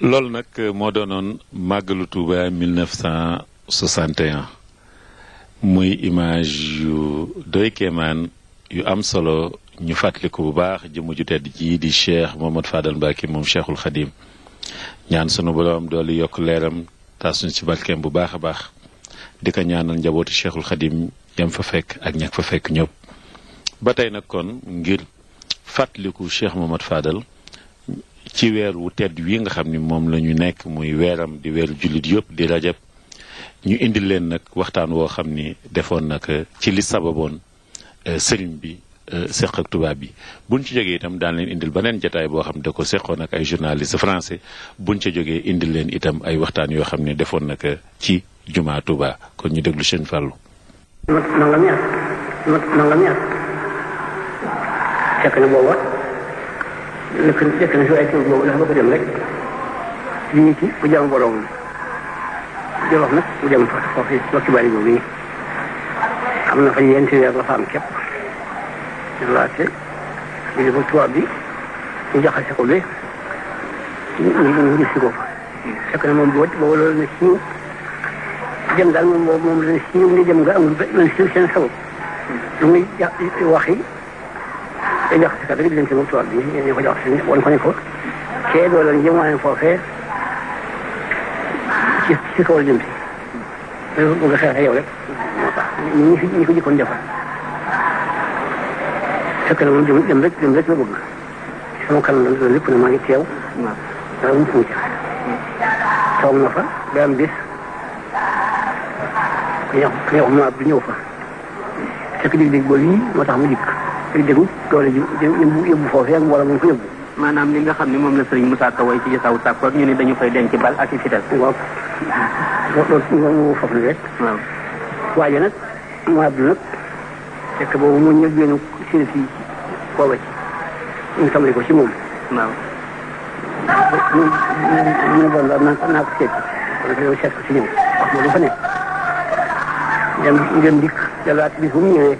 loolu nag moo doonoon màggalu Tuuba 1961 muy image yu doy keemaan yu am solo ñu fàttaliku bu baax jëmm ju tedd ji di Cheikh Mohamad Fadal Mbacke moom Cheikhul Khadim ñaan sunu boroom doolu yokk leeram taasuñ ci barkeem bu baax a baax di ko ñaanal njabootu Cheikhul Khadim yam fa fekk ak ñak fa fekk ñëpp ba tey nag kon ngir fàttaliku Cheikh Mohamad Fadal ci weer wu tedd wi nga xam ni moom la nekk muy weeram di weeru jullit yëpp di rajab ñu indil leen nag waxtaan woo xam ni defoon nag ci li sababoon sëriñ bi seq ak bi buñ ci jógee itam daan leen indil beneen jataay boo xam ne da ko seqoon ak ay journaliste français buñ ca jogee indil leen itam ay waxtaan yoo xam ne defoon na ko ci jumaa Tuubaa kon ñu déglu seen fàllu. fekk na booba nekk na si waaye teewul boobu dafa bëgg dem rek li ñu ci bu jàmm boroomam am na fa yenti weer la fa am képp ñu laajte ñu bi ñu si ko fa fekk na moom boo boobu loolu na siiw jëm daal moom boobu moom te jox si sa dëgg diggante moom tubaab bi ñu ñu ko jox si wan ko ne ko kee dooloon jëm waaye foofee ci ci kaw la jëm si. loolu bëgg a xeex yow rek moo tax ñu fi ñu ko jëkkoon defal fekk na moom jëm dem rek dem rek la bëgg sama kanam loolu lépp ne maa ngi teew. dara mu tuuti. toog na fa ba am bis ku ñëw ku ñëw xam naa ñëw fa fekk digg-digg boobu yi moo tax mu dikk. yu dégul doole ji yëmbu yëmbu foofee ak wala mu ko yëmbu maanaam li nga xam ne moom la sëriñ Moussa Ka ci taw tàkk ñu ne dañu koy denc bal ak fitel waaw loolu loolu moo foofu rek waaw waaye nag mu abdu nag fekk boobu mu ñëw génn seen fii ñu ko ci moom waaw ne bon naa naa ko seet wala ko seet ko si ñëw wax ma lu fa dem dikk mu ñëwee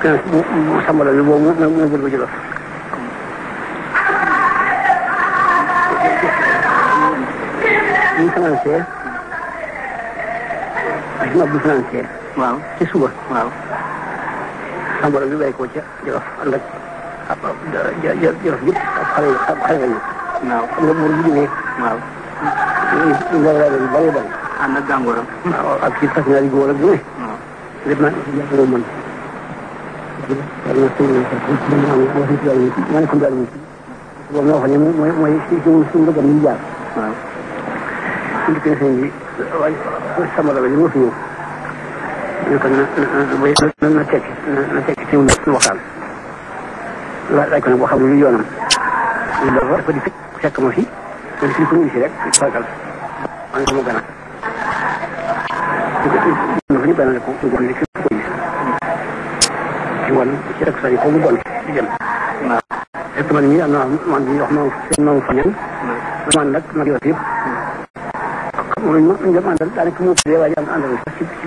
nekk mu sama mau mau mu mu bëgg a jëloon. ñu financé ma bu financé. waaw ci suba. waaw sama ya. Ya, apa? bi bàyyi ko ca apa ànd ak ab jëlof Apa ak Apa yi xale yi. waaw xam nga bu ñu nee. waaw. ñu ñu laa leen bari bari. ànd ak gàngooram. waaw ak ci fas ñaari góor ak yàlla na suñu ma ne suñu daal boobu noo xam ne mooy mooy si suñu suñu bëggam ñu jaar waaw suñu dikkee sëñ bi waaye sama la ba ñu fi ñëw ñu ko na na tekki na tekki ci ñu waxtaan laaj ko nag boo xam ne lu yoonam ñu dafa di fekk ma fi kon fii ku ñu si rek fagal maa ngi ko ma gën a bon ci rek sori ko mu bon ci jëm. waaw fekk man mii am naa man mii wax moom seen hmm. man nag man yooyu yëpp. mënuñ ma ñu dem àndal daanaka mu tuddee waaye am àndal sax ci ci ci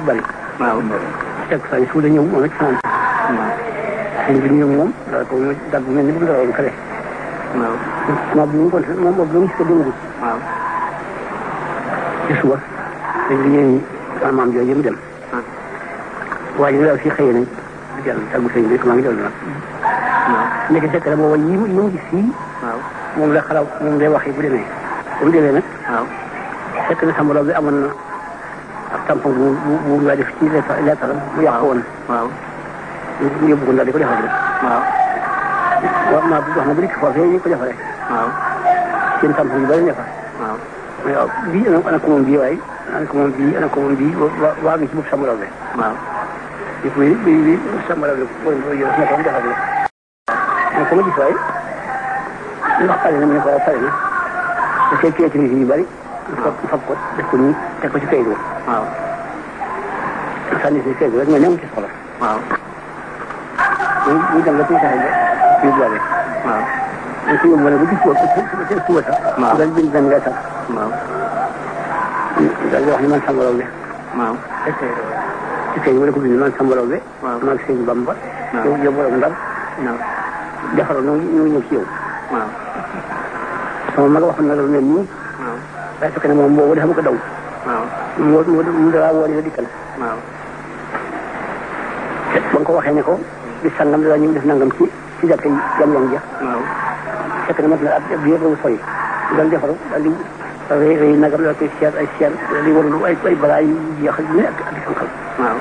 rek sori su dee ñëw moom it hmm. si moom. waaw bi ñëw moom daal ko daal bu mel ni bu mu daloon kale. waaw moom bi mu ko moom moom bi mu mu dem. Hmm. waaye ñu daal fii xëy nañ. dellu ak bu sëñ bi maa ngi dellu nag. waaw léegi fekk na booba yi mu gis fii. waaw moom la xalaat moom lay waxee bu demee. bu demee nag. waaw fekk na sambalaw bi amoon na ak tampon bu bu bu bu def ci lettaram mu yàq woon. waaw ñu yóbbu ko daal di ko defal rek. waaw. waaw maa wax na bu dikk foofee ñu ko defaree. waaw seen tampon yu bëri ne fa. waaw mais waaw bii ana ko moom bii waaye ana ko moom bii ana ko moom bii waa waa ngi ci bopp sambalaw bi. waaw. di ko yëg di di sàmm la loolu mooy yow naka nga defar la. ko ma gis waaye ndox pare na mu ne ko pare na da cee cee ci yu bari. fab fab ko def ko nii teg ko ci kayit bi. waaw. sànni si kayit bi rek mais ñoom ci soxla. waaw. muy muy dem ba suñu saxee ba suñu boole. waaw. mais suñu boole bu ci suba ba ci suba sax. waaw daal bind benn ngay sax. waaw. daal di wax ni man sàmm la waaw ci sëñ bi la ko bind noonu sa mbooloo bi. waaw maag sëñ Bamba. waaw yow yow borom ndar. waaw defaral ñu ñu ñëw ci yow. waaw sama mag waxoon na loolu mel nii. waaw daa fekk ne moom boobu dafa ko daw. waaw mu mu mu daa woo di la dikkal. waaw ba nga ko waxee ne ko. bi sàngam daa ñu def nangam ci ci jàkka yi jam yang ja. waaw fekk na mat na ab ab yëpp la sooy. daal defaru daal di. rëy rëy nagam ak ay seet ay seet li warul ay ay balaa yu jeex yu ne ak ak xam-xam. waaw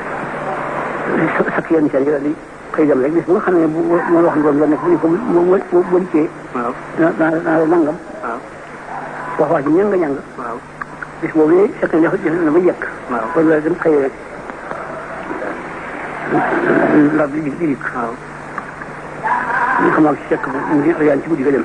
li sakk yenn seen yi di xëy dem rek bis bu nga xam ne bu ma wax ngoon la nekk bu ñu ko ma ma ma liggéey. waaw dina dina dina la nangam. waaw wax wax ji ñanga ñanga. waaw bis boobu nii fekk na def na ba yekk. waaw kon loolu dem xëy rek. ndax di di dikk. waaw. ñu xam ak sekk bu mu ngi yaan ci guddi ga dem.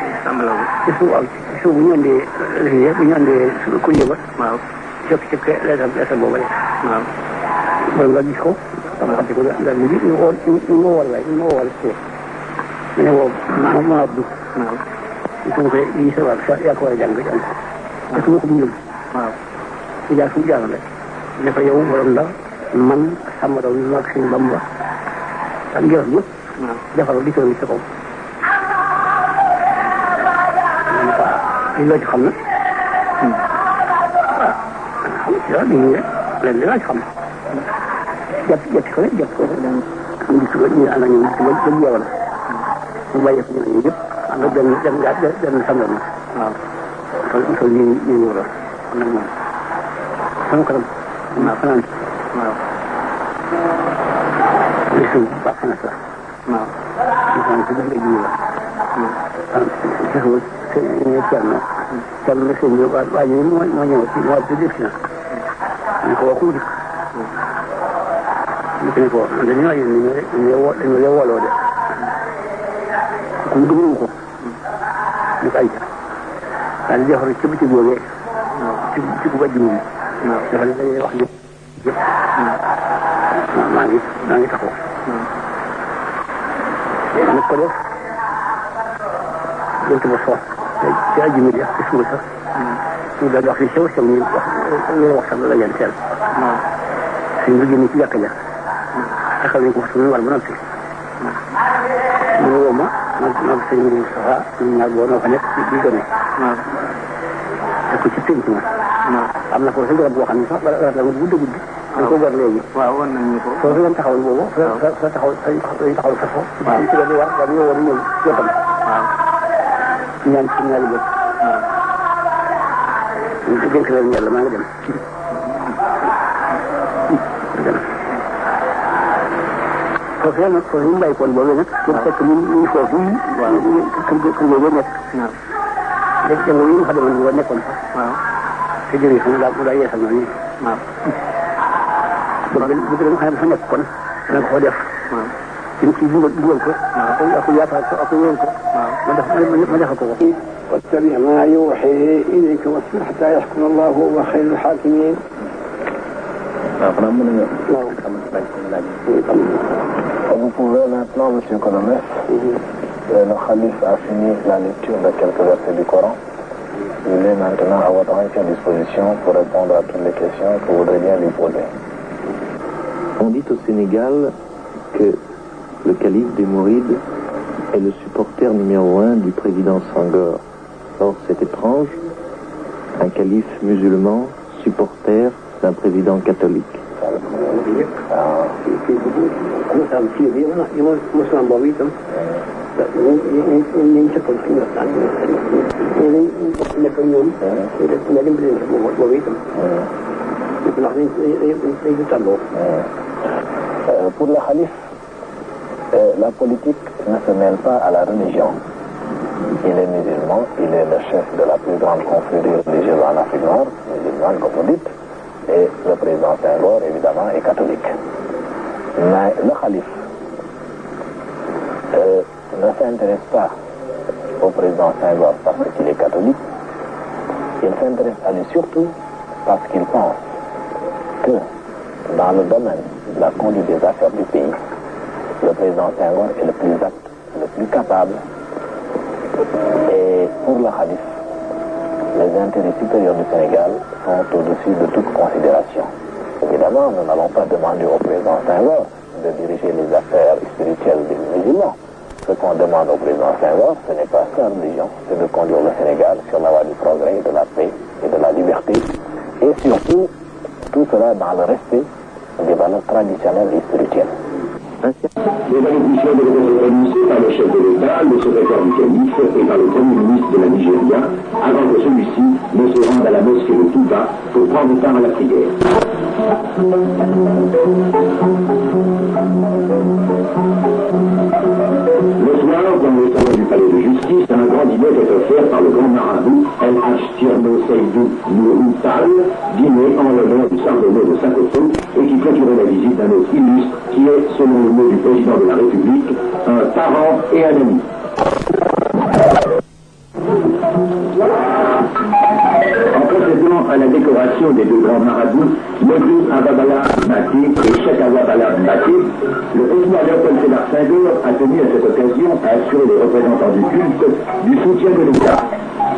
sàmm loogu. ci suuf ak ci suuf bu ñu andee rëdd bu ba. waaw jokk ci kë leetal leetal boobu rek. gis ko. waaw xam ko daal ñu ñu woo ñu ma woo waaye ñu ma a jàng su ma ko bindul. waaw. ñu jaar man sàmm daw ñu Bamba. ak njëriñ ñëpp. waaw defaral li ci woon loo ci xam na waaw loolu la loo ci xam jàpp jàpp ko jàpp ko ñu ngi suba ñu ànd ak ñoom suba ba mu yeewal ñu bàyyi ko ñooñu yëpp ànd ak benn benn gaa benn sàmm la waaw tool tool yi ñu ñu waral kon nag moom sama kanam maa fanaan waaw li suñ baax na sax waaw ñu fanaan si bëgg la waaw sëñ Thierno. ko waxu dikk. ko ne ko dañoo yéen ñu rek de. ku mu dugg ko. ñu ko ay daal di joxoon ci bëccëg boobee. ci ci bu bëccëg bi. dafa ne ko def. yonent ba soos ci àjjuma ji ak ci suba sax ñu daan wax li sew sew ñu wax ñu la leen teel suñ bu génn ci jàkka ja taxaw nañ ko waxtu war ba noppi ñu woo ma man man sëñ bi Moustapha ñun ñaar boo noo fa nekk ci biir gone te ko ci pénc ma am na ko sa garab boo xam ne sax garab la gudd gudd dañ ko gor léegi waaw wan nañ ñu ko foofu lañ taxawal boobu fa taxaw dañ taxawal sa foofu ci war dañu woon ñëw jotam ñaan ci ñaari bët. ñu ngi dénk leen yàlla maa ngi dem. dem foofee nag foofu ñu bàyyi ko woon boobee nag. waaw fekk ñu ñu foofu. waaw ñu ñu kër kër boobu nekk. waaw léegi jàng yi ñu fa demoon ba nekkoon fa. waaw te jëriñ fa mu daa mu daa yeesal noonu. waaw. bëgg bëgg dañu xam ne fa nekkoon. dana ko def. waaw. Vous pouvez maintenant, le a fini la lecture de quelques versets du Coran. Il est maintenant à votre disposition pour répondre à toutes les questions que vous voudrez bien lui poser. On dit au Sénégal que le calife des Mourides est le supporter numéro un du président Sangor. Or, c'est étrange, un calife musulman supporter d'un président catholique. Euh, pour euh, la politique ne se mêle pas à la religion. Il est musulman, il est le chef de la plus grande confrérie religieuse en Afrique noire, musulmane comme vous dites, et le président Senghor, évidemment, est catholique. Mais le calife euh, ne s'intéresse pas au président Senghor parce qu'il est catholique, il s'intéresse à lui surtout parce qu'il pense que dans le domaine de la conduite des affaires du pays, le président Senghor est le plus apte, le plus capable. Et pour la Hadith, les intérêts supérieurs du Sénégal sont au-dessus de toute considération. Évidemment, nous n'allons pas demander au président Senghor de diriger les affaires spirituelles des musulmans. Ce qu'on demande au président Senghor, ce n'est pas sa religion, c'est de conduire le Sénégal sur la voie du progrès, de la paix et de la liberté. Et surtout, tout cela dans le respect des valeurs traditionnelles et spirituelles. Les Les allocutions être prononcées par le chef de l'État, le secrétaire du calife et par le premier ministre de la Nigeria, avant que celui-ci ne se rende à la mosquée de Touba pour prendre part à la prière. est offert par le grand marabout L.H. Tirno Seydou Tal, dîné en l'honneur du Sardonnais de Saint-Otto et qui clôturait la visite d'un autre illustre qui est, selon le mot du président de la République, un parent et un ami. En procédant à la décoration des deux grands marabouts, Moses Avabala Maté et Cheikh Avabala Mati, le président Léopold Sédar Senghor a tenu à cette occasion à assurer les représentants du culte du soutien de l'État.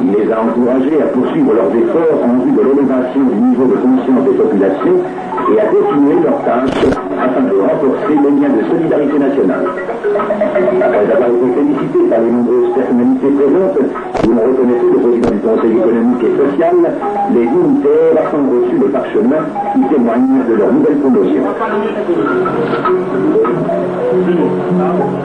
Il les a encouragés à poursuivre leurs efforts en vue de l'élévation du niveau de conscience des populations et à continuer leurs tâches afin de renforcer les liens de solidarité nationale. Après avoir été félicité par les nombreuses personnalités présentes, vous me reconnaissez le président du Conseil économique et social, les dignitaires ont reçu le parchemin qui témoignent de leur nouvelle promotion.